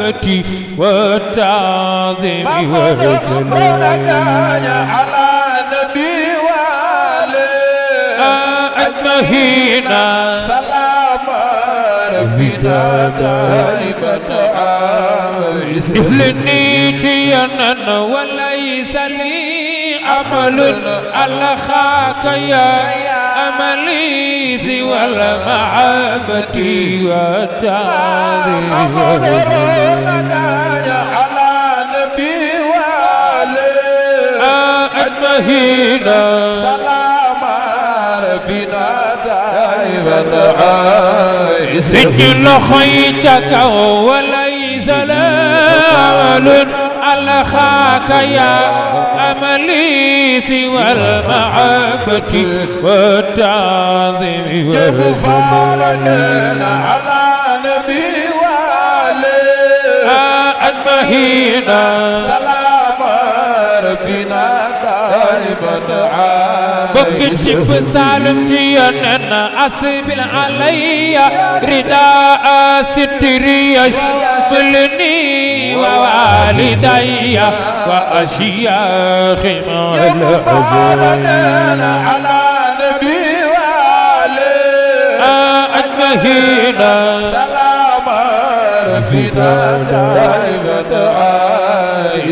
والعزة والتعظيم والجلال على نبي وآله أجمعين سلام ربنا دائما إفلني تيانا وليس لي أمل ألخاك يا المليث والمحبة والتعظيم على نبي والي سلام ربنا دائما عايز سجل خيتك وليس لا لخاك يا أمليس والمعبك والتعظيم والغفار على نبي وآله آه، أجمهينا حب جب سالم جيانا أسبل علي رداء ستري يشملني ووالدي وأشياخي مولانا على نبي وآله أجمعين سلام ربنا دائما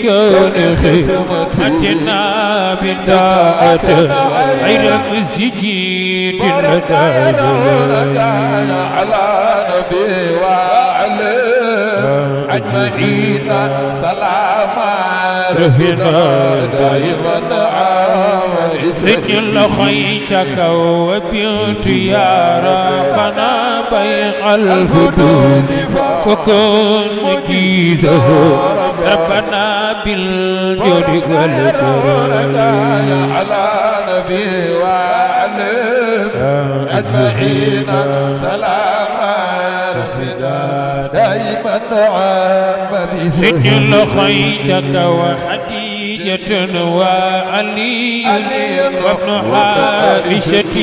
ختمتنا بداءة علم سجيد المدايا على نبي وعلى أجمعين سلام ربنا دائما سجل خيتك وبيت يا ربنا بيع الفدود فكن مكيزه ربنا بالجود والكرم على نبي وعلى أجمعين سلام رفدا دائما عام بسجل خيرك وحد خديجة وعلي وابن حارشة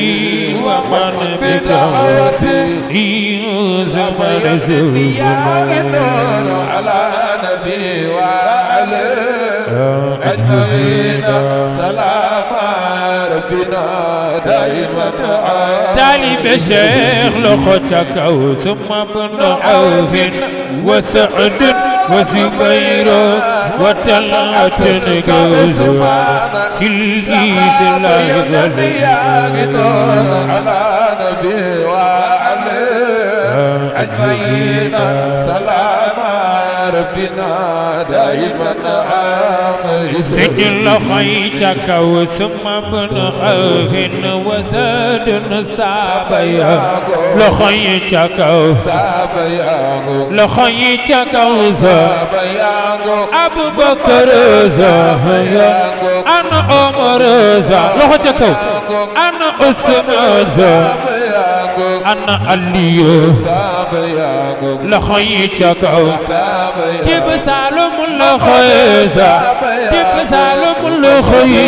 ومن بدعته زمن زمن على نبي وعلى أجمعين سلام تالي بشيخ لخوتك وثم بن عوف وسعد وزبير وطلعة كل في لا يغلى على نبي وعلي أجمعين سلام بنا دائما عامر سجل خيتك وسم بن خوف وزاد سابيا لخيتك سابيا لخيتك أبو بكر زاهيا أنا عمر زاهيا لخيتك أنا عثمان زاهيا أنا علي زاهيا loxo yi ca kaw tibb saalum loxo yi tibb saalum loxo yi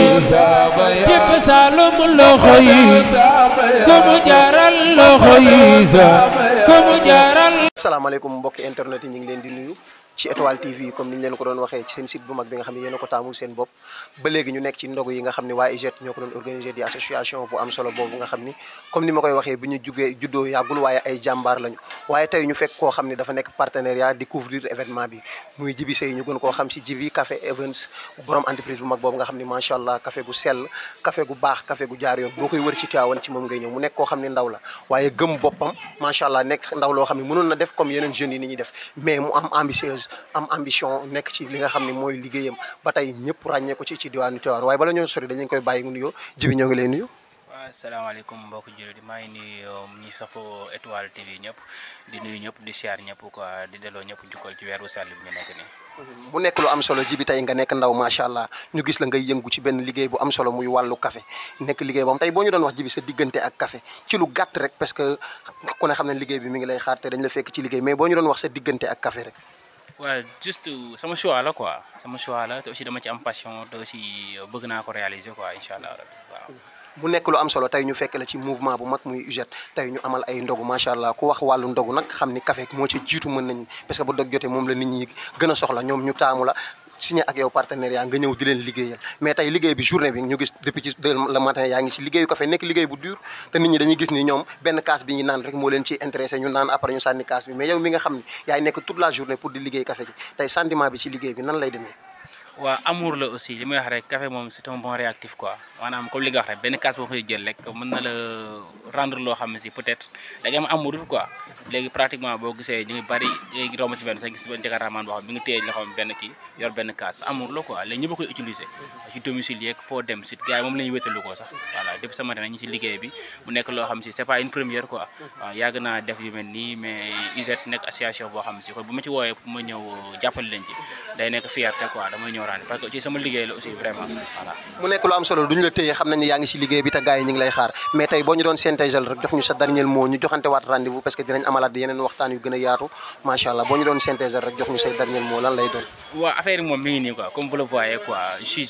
tibb saalum loxo yi ku mu jaral loxo yi ku mu jaral asalaamaaleykum mbokki internet yi ñu ngi leen di nuyu ci étoile tv comme niñ leen ko doon waxé ci seen site bu mag bi nga xamni ne ko taamul seen bop ba légui ñu nekk ci ndogu yi nga xamni wa IJET e ñoko doon organiser di association bu am solo boobu nga xamni comme ni ma koy waxee bi ñu jugee juddoo yàggul ay jambar lañu waye tay ñu fekk ko xamni dafa nekk partenariat di couvrir événement bi muy jibi sey ñu gën ko xam ci Djibi Café Events borom entreprise bu mag boobu nga xamni ma sha allah café gu sel café gu bax café gu jaar yoon boo wër ci tiawon ci mom ngay ñew mu nekk ko xamni ndaw la waye gëm bopam ma sha allah nekk ndaw lo xamni mënon na def comme yeneen jeune yi ni ñi def mais mu am ambitieuse am ambition nekk ci li nga xam ne mooy liggéeyam ba tey ñëpp ràññeeku ko ci ci diwaanu Tivaouane waaye bala ñoo sori dañu koy bàyyi mu nuyoo jibi ñoo ngi lay nuyu. waaw salaamaaleykum mbokk jullit di maa ngi nuyu ñi safoo étoile TV ñëpp di nuyu ñëpp di siyaar ñëpp quoi di delloo ñëpp jukkal ci weeru sàll bi ñu nekk nii. mu nekk lu am solo ji bi tey nga nekk ndaw macha allah ñu gis la ngay yëngu ci benn liggéey bu am solo muy wàllu kafe nekk liggéey boobu tey boo ñu doon wax ji bi sa diggante ak café ci lu gàtt rek parce que ku ne xam ne liggéey bi ci liggéey mais boo ñu doon wax sa diggante waaw juste c'est mon choix là quoi C'est mon choix là. te aussi dama ci am passion te aussi euh, bëgg naa ko réaliser quoi incha allah rabbi waaw. lu am solo tay ñu fekk la ci mouvement bu mak muy UJET tay ñu amal ay ndogu macha allah ku wax walu ndogu nak xamni café mo ci jitu mën nañ parce que bu dog jotee mom la nit ñi gëna soxla ñom ñu taamu la signé ak yow partenariat nga ñew di leen liggéeyal mais tay liggéey bi journée bi ñu gis depuis ci le matin yaa ngi si liggéeyu café nek liggéey bu dur te nit ñi dañuy gis ni ñom benn kaas bi ñi naan rek mo leen ci intéressé ñu naan après ñu sanni kaas bi mais yow mi nga xamni yaay nek toute la journée pour di liggéey café ji tay sentiment bi ci liggéey bi nan lay démé wa amour la aussi limay wax rek café mom c'est un bon réactif quoi manam comme li nga wax rek benn kaas boo fay jël rek mën na le rendre loo xamni si peut être da nga am amour quoi léegi pratiquement boo gisee ñu bari léegi romb ci benn sax gis benn jakartaamaan boo xam bi nga téye nga xam benn kii yor benn kaas amul la ko sax nekk si liggéey bi te gars yi ngi lay xaar mais tey boo ñu doon synthèse rek jox ñu sa dernier mot ñu joxante waat rendez parce que dinañ amalaat yeneen waxtaan yu gën yaatu macha allah boo ñu doon synthéser rek jox ñu say dernier mot lan lay doon. waaw affaire moom mi ngi comme vous le voyez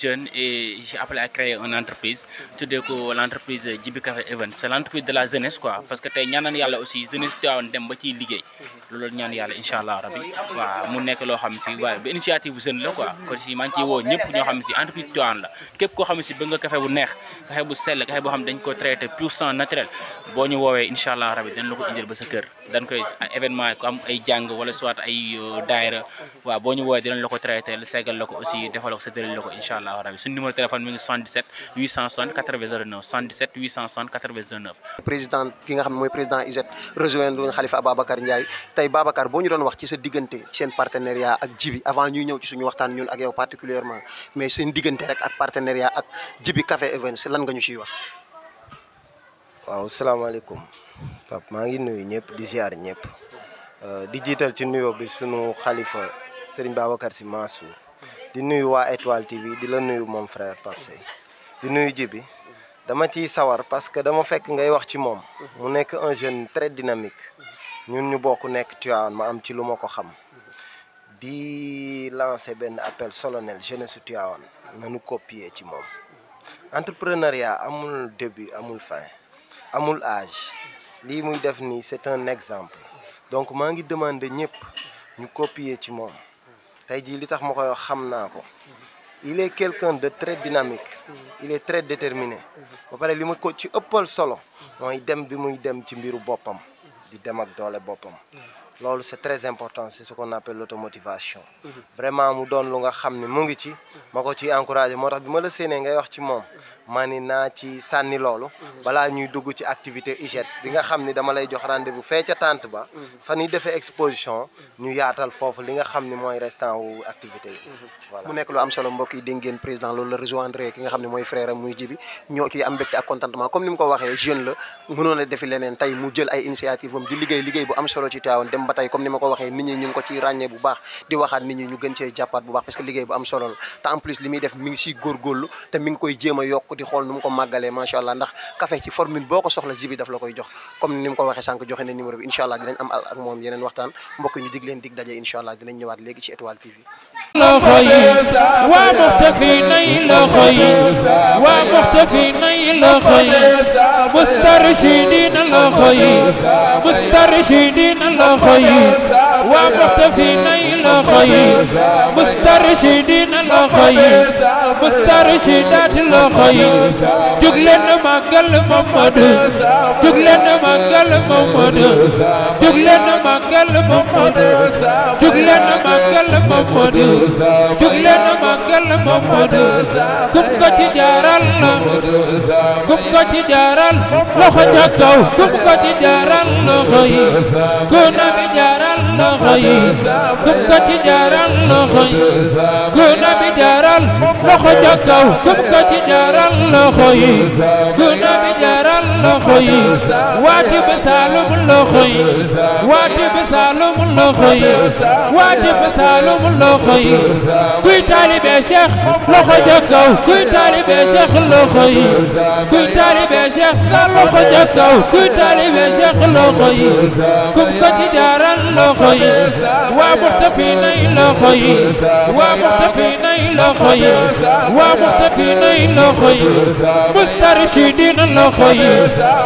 jeune et j'ai appelé créer une entreprise tuddee entreprise Djiby Café Event c' entreprise de la jeunesse quoi parce que tey ñaanal yàlla aussi jeunesse Tivaouane dem ba ciy liggéey loolu ñaan yàlla incha allah rabi waaw mu nekk loo xam si ba initiative jeune la quoi si maa ngi ciy woo ñoo xam si entreprise dan koy événement am ay jàng wala soit ay euh, daayira waa boo ñu woowee dinañ la ko traité seggal la ko aussi defal ko sa tëral la ko incha allah rabi suñu numéro téléphone mi ngi 77 860 8009 77 860 8009. président ki nga xam ne mooy président ISET rejoindre nañu Khalifa Ababacar Ndiaye tey Babacar boo ñu doon wax ci sa diggante seen partenariat ak Jibi avant ñuy ñëw ci suñu waxtaan ñun ak yow particulièrement mais seen diggante rek ak partenariat ak Jibi Café Events lan nga ñu ciy wax. waaw salaamaaleykum. Pape maa ngi nuyu ñëpp di ziar ñëpp euh, di jiital ci nuyo bi sunu xalifa Serigne Babacar Sy Mansour di nuyu waa Étoile TV di la nuyu moom frère Pape di nuyu Jibi dama ciy sawar parce que dama fekk ngay wax ci moom mu nekk un jeune très dynamique ñun ñu bokk nekk Tivaouane ma am ci lu ma ko xam di lancé benn appel solennel jeunesse su Tivaouane nu copier ci moom entrepreneuriat amul début amul fin amul âge lii muy def nii c'est un exemple donc maa ngi demander ñëpp ñu copier ci moom tey jii li tax ma koy il est quelqu'un de très dynamique il est très déterminé ba pare li ma ko ci ëppal solo mooy dem bi muy dem ci mbiru boppam di dem ak doole boppam loolu c'est très important c'est ce qu'on appelle l'automotivation vraiment mu doon lu nga xam ne mu ngi ci ma ko ciy encourager moo tax la séenee ngay wax ci moom ma ni naa ci sànni loolu mhm. balaa ñuy dugg ci activité UJET bi nga xam ni dama lay jox rendez bu fee ca tànt ba mhm. fa ñuy defee exposition mhm. ñu yaatal foofu li nga xam ni mooy restant wu activité yi voilà mu nekk lu am solo mbokk yi dégg ngeen président loolu la ki nga xam ne mooy frère am muy jibi ñoo ciy am mbégte ak contentement comme ni mu ko waxee jeune la mënoon a defi leneen tey mu jël ay initiative am di liggéey liggéey bu solo ci Tivaouane dem ba tey comme waxee nit ñi ñu ngi ko ciy ràññee bu baax di waxaat nit ñi ñu gën cee jàppaat parce que liggéey bu am solo la te li muy def mi ngi siy góorgóorlu te ngi koy jéem a yokk di xool nu mu ko màggalee macha allah ndax café ci formule boo ko soxla jibi daf la koy jox comme ni ko waxee sànq joxe ne numéro bi incha allah dinañ am ak leen dig daje incha allah dinañ ñëwaat léegi ci étoile TV الخير مسترشدين الخير مسترشدات الخير جغلن مقل محمد جغلن مقل محمد جغلن مقل محمد جغلن مقل محمد جغلن مقل محمد كم كتجارل كم كتجارل لخجاكو كم كتجارل لخير كنا بجارل loxo guna bi jaral loxo ca guna bi jaral loxo yi waate ba saalum loxo yi waate ba saalum loxo yi waate ba saalum loxo yi kuy taalibe Cheikh loxo ja kaw kuy taalibe Cheikh loxo yi kuy taalibe Cheikh sa loxo ja kaw kuy taalibe Cheikh loxo yi kum ko ci jaaral loxo yi waa muxtafi nay loxo yi waa muxtafi nay loxoy waa muxtafiin loxoy mustarshidiin loxoy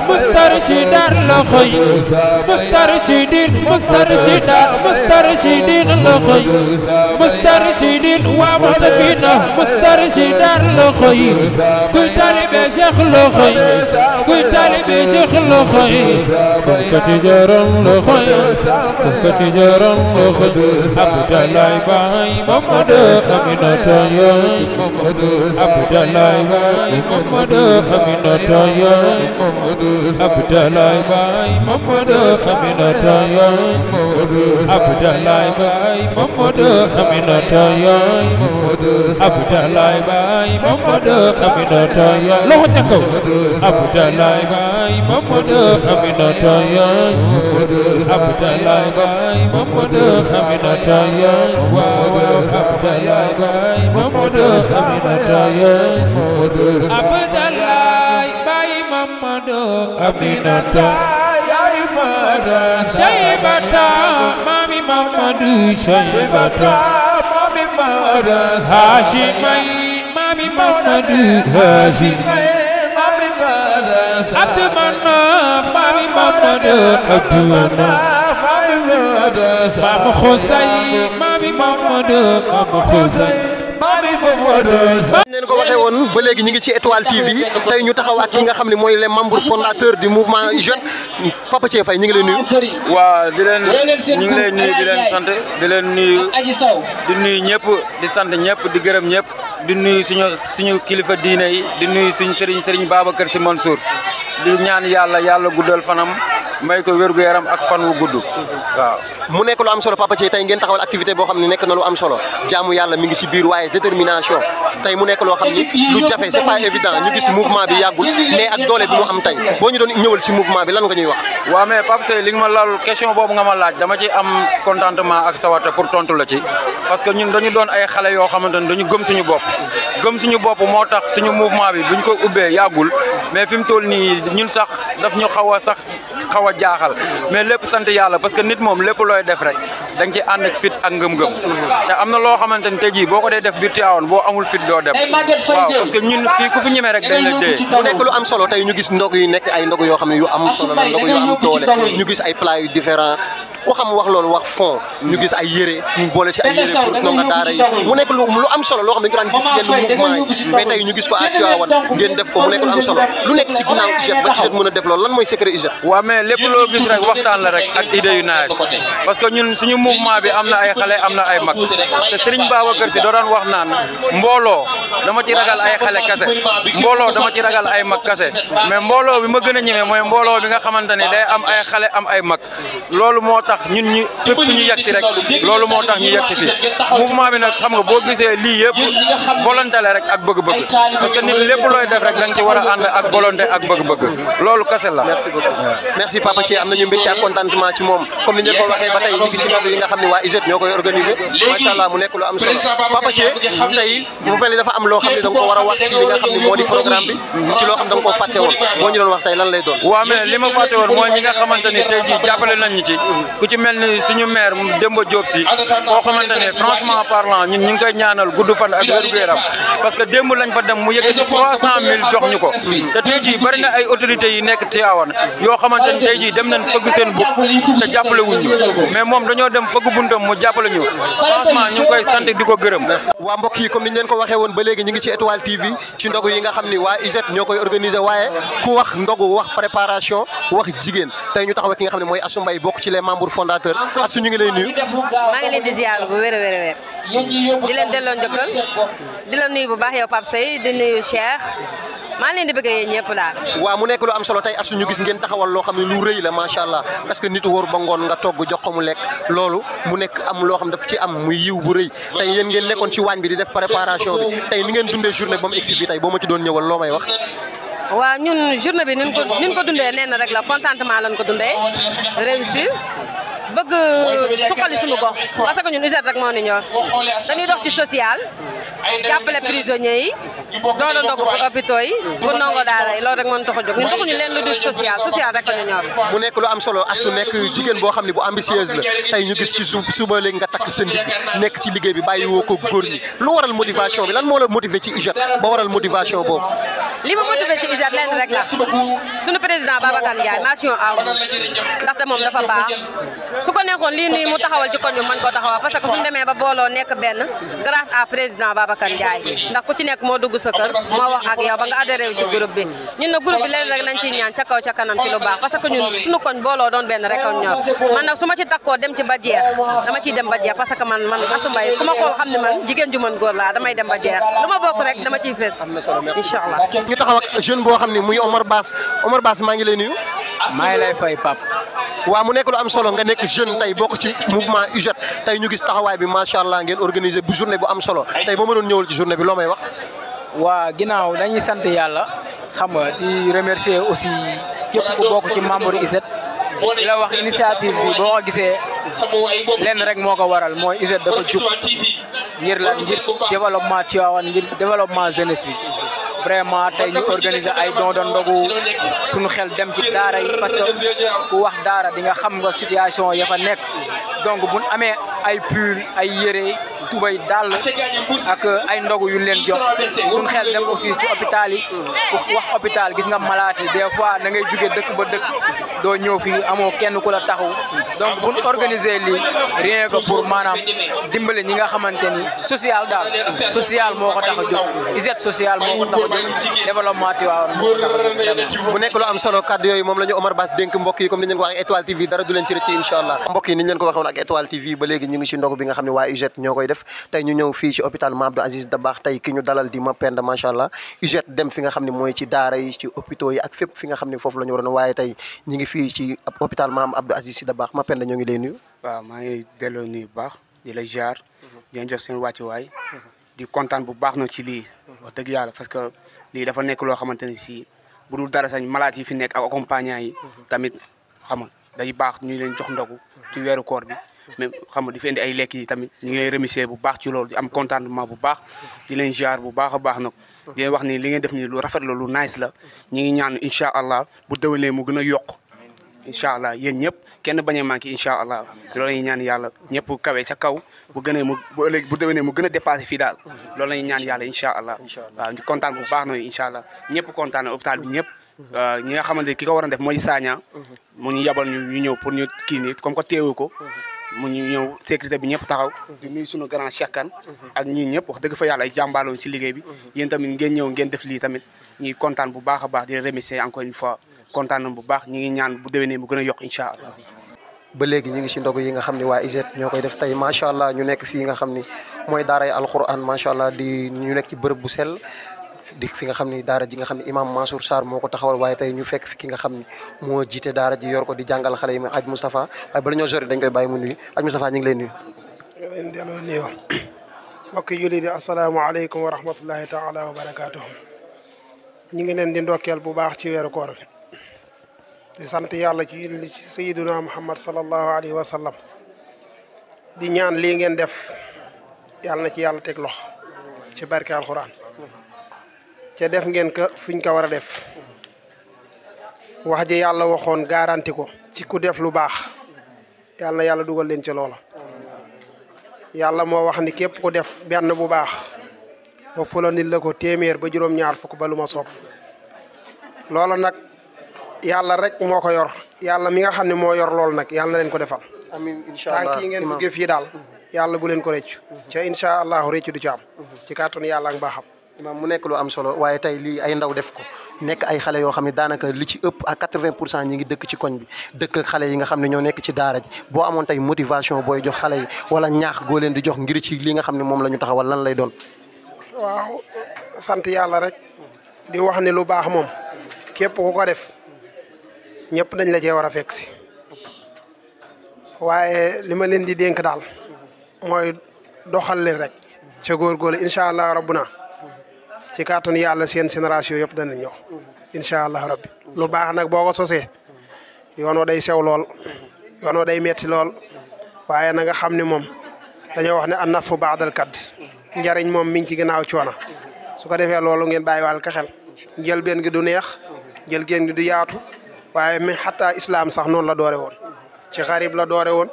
mustarshidaat loxoy mustarshidiin mustarshidaat mustarshidiin loxoy mustarshidiin waa muxtafiin mustarshidaat loxoy kuy tali Cheikh loxoy kuy taalibe Cheikh loxoy foofu ko ci jorom loxoy foofu ko ci jorom loxoy Abdoulaye Baye Mamadou Aminata yaay Abdoulaye Baye Mamadou Aminata yaay Abdoulaye Baye Mamadou Aminata yaay Abdoulaye Baye Mamadou Aminata yaay Abdoulaye Baye Mamadou Aminata yaay loxo ca kaw abdallah gaay mamadou aminata yaay abdallah gaay mamadou aminata yaay waaw abdallah gaay mamadou aminata yaay abdallah baay mamadou aminata yaay mada shaybata mami mamadou shaybata mami mada hashimai محمد هاشم عبد مناف مامي محمد عبد مناف مامي حسين مامي محمد مامي حسين neen ko waxee woon ba léegi ñu ngi ci étoile TV tey ñu taxaw ak ki nga xam ne mooy les membres fondateurs du mouvement jeune Papa Thié Faye ñu ngi lay nuyu. waaw di leen ñu ngi lay nuyu di leen sant di leen nuyu di nuy ñëpp di sant ñëpp di gërëm ñëpp di nuyu suñu suñu kilifa diine di nuyu suñu sëriñ sëriñ Babacar Sy Mansour di ñaan yàlla yàlla guddal fanam. may ko wér gu yaram ak fan wu gudd. waaw mu nekk lu am solo Papa Thié tey ngeen taxawal activité boo xam ne nekk na lu am solo jaamu discrimination tay mu nek lo xamni lu jafé c'est pas évident ñu gis mouvement bi yagul mais ak doole bi mu am tay bo ñu doon ñëwul ci mouvement bi lan nga ñuy wax wa mais pap Seye li nga laal question bobu nga ma laaj dama ci am contentement ak sawata pour tontu la ci parce que ñun dañu doon ay xalé yo xamantene dañu gëm suñu bop gëm suñu bop moo tax suñu mouvement bi buñ ko ubbé yagul mais fim tol ni ñun sax daf ñu xawa sax xawa jaaxal mais lepp sante yalla parce que nit mom lepp loy def rek dañ ci and ak fit ak ngëm-ngëm te amna lo xamantene xamante ji boko jii boo ko dee def biir Tivaouane bo amul fit do dem parce que ñun fi ku fi ñëmé rek dañ la dé mu nek lu am solo tay ñu gis ndog yu nek ay ndog yo xam yu am solo la ndog yu am doole ñu gis ay plat yu différent ku xam wax lool wax fond ñu gis ay yéré ñu boole ci ay yéré pour nga daara yi mu nek lu am solo lo xam ñu daan gis yenn mu ma mais tay ñu gis ko ak ah, Tivaouane ngeen def ko mu nek lu am solo lu nek ci ginaaw jet ba jet mëna def lool lan moy secret jet wa mais lepp lo gis rek waxtaan la rek ak idée yu naaj parce que ñun suñu mouvement bi amna ay xalé amna ay mag te Serigne Babacar ci do daan wax naan mbooloo dama ci ragal ay xale kase mbooloo dama ci ragal ay mag kase mais mbooloo bi ma gën a ñemee mooy mbooloo bi nga xamante ni day am ay xale am ay mag loolu moo tax ñun ñu fépp ñu yegg si rek loolu moo tax ñu yegg si fii mouvement bi nag xam nga boo gisee lii yëpp volonté la rek ak bëgg-bëgg parce que nit lépp looy def rek da nga ci war a ànd ak volonté ak bëgg-bëgg loolu kase la. merci beaucoup merci Papa Thié am nañu mbégte ak contentement ci moom comme ni ñu ko waxee ba xam tey mu mel ni dafa am loo xam ne da ko war a wax ci loo xam da nga fàtte woon boo ñu doon wax tey lan lay doon waaw mais li ma fàtte woon mooy ñi nga xamante ni tey jàppale nañ ci ku ci mel ni suñu maire Demba Diop si koo xamante franchement parlant ñun ñu ngi koy ñaanal gudd fan ak wér gu yaram parce que démb lañ fa dem mu yëkkati trois cent mille jox ñu ko te tey jii bari ay autorités yi nekk Tivaouane yoo xamante ni tey jii dem nañ fëgg seen bopp te jàppale ñu mais moom dañoo dem fëgg buntam mu jàppale ñu franchement ñu ngi di ko gërëm kii comme ni ñu leen ko waxee woon ba léegi ñu ngi ci étoile TV ci ndogu yi nga xam ni waa IJET ñoo koy organiser waaye ku wax ndogu wax préparation wax jigéen tey ñu taxaw ki nga xam ne mooy Astou Mbaye bokk ci lay nuyu. maa ngi a wér a wér di leen delloo njëkkal di la nuyu bu baax yow Pape nekk lu am solo tey Astou ñu gis ngeen taxawal loo xam ne lu rëy la macha allah parce que nit wóor ba ngoon nga togg jox ko mu lekk loolu mu nekk am loo xam daf ci am muy yiw bu rëy tey yéen ngeen nekkoon ci waañ bi def préparation bi tey ni ngeen dundee journée ba mu egsi boo ma ci doon ñëwal loo may wax. waaw ñun journée bi ni ko dundee nee rek la contentement lañ ko dundee réussir bëgg suqali suñu gox parce que ñun UJED rek moo ni ñor dañuy dox ci social. jàppale prisonniers yi doon a dogu hôpitaux yi pour ndongo daara yi loolu rek mën tax a jóg ñun doxuñu leen lu dul social social rek ñu ñor mu nekk lu am solo asu nekk jigéen boo xam ne bu ambitieuse la tey ñu gis ci suba léegi nga takk seen nekk ci liggéey bi bàyyi woo ko góor ñi lu waral motivation bi lan moo la motiver ci UJET ba waral motivation boobu li ma motiver ci UJET leen rek la suñu président Babacar Ndiaye mention aw ndaxte moom Babacar Ndiaye ndax ku ci nekk moo dugg sa kër moo wax ak yow ba nga adhéré wu ci groupe bi ñun na groupe bi leen rek lañ ciy ñaan ca kaw ca kanam ci lu baax parce que ñun suñu koñ booloo doon benn rek ak ñor man nag su ma ci takkoo dem ci ba jeex dama ciy dem ba jeex parce que man man asumay ku ma xool xam ne man jigéen ju mën góor laa damay dem ba jeex lu rek dama ciy fees incha ñu taxaw ak jeune boo xam muy Omar Bass Omar Bass maa ngi lay nuyu maa ngi lay fay pap waaw mu nekk lu am solo nga nekk jeune tey bokk ci mouvement UJET tey ñu gis taxawaay bi macha allah ngeen organisé bu journée bu am solo tey boo mënoon ñëwal ci journée bi loo may wax. waa ginnaaw dañuy sant yàlla xam nga di remercier aussi képp ku bokk ci membre UJET di la wax initiative bi boo ko gisee lenn rek moo ko waral mooy UJET dafa jug ngir lan ngir développement Tivaouane ngir développement jeunesse bi. vraiment tey ñu organiser ay don doon ndogu suñu xel dem ci daara yi parce que ku wax daara di xam nga situation ya fa nekk donc buñ amee ay pull ay yére tubay dàll ak ay ndogu yu leen jox suñ xel dem aussi yi wax hôpital gis nga malaat yi des fois da ngay jóge dëkk ba dëkk doo ñëw fii amoo kenn ku la taxaw donc buñ organiser lii rien que pour maanaam dimbale ñi nga xamante ni social daal moo tax a jóg social moo tax a jóg développement a jóg mu nekk lu am solo kàddu yooyu moom la Omar Bass dénk mbokk comme ni ñu ko waxee Étoile TV dara du leen ci rëcc incha allah mbokk yi ni ko waxoon ak TV ba léegi ñu ngi ndogu bi nga xam ne waa ISET ñoo koy def tey ñu ñëw fii ci hôpital Mame Abdou Aziz Dabakh tey ki ñu dalal di Mapenda macha allah UGT dem fi nga xam ne mooy ci daara yi ci hôpitaux yi ak fépp fi nga xam ne foofu la ñu waroon waaye tey ñi ngi fii ci hôpital Mame Abdou Aziz si Dabakh Mapenda ñoo ngi lay nuyu waaw maa ngi delloo nuyu bu baax di lay jaar mhm. di leen jox seen wàccuwaay mhm. di kontaan bu baax na ci lii mhm. wax dëgg yàlla parce que lii dafa nekk loo xamante ni si bu dul dara sañ malaat yi fi nekk ak accompagnant yi tamit xam nga day baax ñu leen jox ndogu ci weeru koor bi mais xam nga di fee indi ay lekk yi tamit ñu ngi lay bu baax ci loolu am contentement bu baax di leen ziar bu baax a baax nag di wax ni li ngeen def nii lu rafet lu nice la ngi ñaan incha allah bu déwénee mu gën a yokk incha allah yéen ñëpp kenn bañ a manqué incha allah loolu la ñaan yàlla ñëpp kawe ca kaw bu gënee mu bu ëllëg bu déwénee mu gën a dépassé fii daal loolu la ñuy ñaan yàlla allah waaw di kontaan bu baax nooyu incha allah ñëpp kontaan hôpital bi ñëpp ñi nga xamante ki ko war a def mooy Sagna mu ñu yabal ñu ñu ñëw pour ñu kii nii comme que téewu ko mu ñu ñëw sécurité bi ñëpp taxaw di nuyu suñu grand Cheikh ak ñii ñëpp wax dëgg fa yàlla ay jàmbaaloon si liggéey bi yéen tamit ngeen ñëw ngeen def lii tamit ñuy kontaan bu baax a baax di remercier encore une fois kontaan bu baax ñu ngi ñaan bu déwénee mu gën a yokk incha allah ba léegi ñu ngi si ndog yi nga xam ne waa ISET ñoo koy def tey macha allah ñu nekk fii nga xam ni mooy daaray alquran macha allah di ñu nekk ci bërëb bu sel di fi nga xamni dara ji nga xamni imam Mansour sar moko taxawal waye tay ñu fekk fi ki nga xamni mo jité dara ji yor ko di jangal xalé yi aj Mustafa ay bala ñoo jori dañ koy mu nuy aj Mustafa ñu ngi lay nuy ñu ngi di delloo nuyoo mbokk yi jullit wa rahmatullahi taala wa barakatuh ñi ngi leen di ndokkel bu baax ci wéru koor di sante yalla ci julli ci sayyiduna muhammad sallallahu alayhi wa di ñaan li ngeen def yalla na ci yalla tek lox ci barke alquran ci def ngeen ko fuñ ko wara def wax ji yalla waxon garanti ko ci ku def lu bax yalla yalla yàlla dugal leen ci lolo yalla mo wax ni kep ku def ben bu bax ma fulandil lako ko ba juróom-ñaar fuk ba lu ma nak loola rek moko yor yalla mi nga xamni mo yor loolu nak yalla len ko defal amin inshallah allah tànk yi ngeen bëggee fii daal bu len ko reccu mhm. ci inshallah reccu du ci am mhm. ci carton yalla ak baxam imaam mu nekk lu am solo waaye tey lii ay ndaw def ko nekk ay xale yoo xam ne daanaka li ci ëpp a quatre-vingt pour cent ñi ngi dëkk ci koñ bi dëkk xale yi nga xam ne ñoo nekk ci daara ji boo amoon tey motivation booy jox xale yi wala ñaax goo leen di jox ngir ci li nga xam ne moom la ñu taxawal lan lay doon. waaw sant yàlla rek di wax ni lu baax moom képp ku ko def ñëpp dañ la cee war a fekk si waaye li ma leen di dénk daal mooy doxal leen rek ca góorgóorlu incha allah rabbuna ci kàttanu yàlla seen génération yëpp dana ñoo incha allah rabbi lu baax nag boo ko sosee yoon wa day sew lool yoon wa day metti lool waaye na nga xam ne moom dañoo wax ne an nafu baadal kadd njariñ moom mi ngi ci ginnaaw coona su ko defee loolu ngeen bàyyiwaal ka xel njëlbeen gi du neex njëlbeen gi du yaatu waaye mi xataa islam sax noonu la doore woon ci xarib la doore woon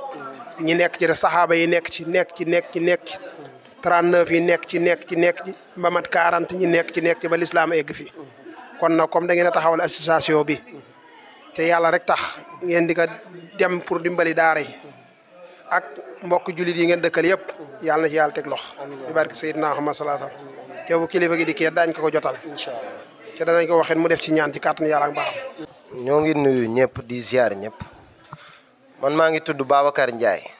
ñi nekk ci de saxaaba yi nekk ci nekk ci nekk ci nekk 39 yi nek ci nek ci nek ci ba mat 40 ñi nek ci nek ci ba l'islam egg fi kon na comme da ngeen taxawal association bi te yalla rek tax ngeen di ko dem pour dimbali daara yi ak mbokk julit yi ngeen dekkal yëpp yalla na ci yalla tek lox di barke Seydina Muhammad sallallahu alaihi wasallam sallam te bu kilifa gi dikkee dañ ko ko jotal inshallah allah te danañ ko waxe mu def ci ñaan ci kàttan yalla ak baam ñoo ngi nuyu ñëpp di ziar ñëpp man maa ngi tudd Babacar Ndiaye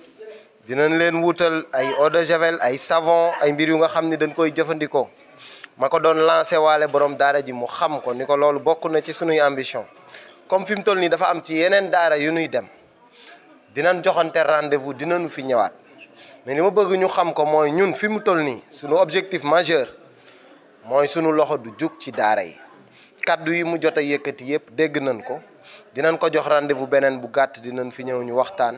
dinañ leen wutal ay eau de javel ay savon ay mbir yu nga xam ni dañ koy jëfandikoo ma ko doon lancé waale borom daara ji mu xam ko ni ko loolu bokk na ci sunuy ambition comme fi mu toll nii dafa am ci yeneen daara yu nuy dem dinañ joxante rendez-vous dinañu fi ñëwaat mais li ma bëgg ñu xam ko mooy ñun fi mu toll nii sunu objectif majeur mooy sunu loxo du jug ci daara yi kàddu yi mu jot a yëkkati yëpp dégg nañ ko dinañ ko jox rendez-vous beneen bu gàtt dinañ fi ñëw ñu waxtaan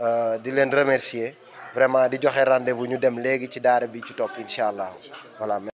Euh, di leen remercier vraiment di joxe rendez-vous ñu dem léegi ci daara bi ci top, incha voilà.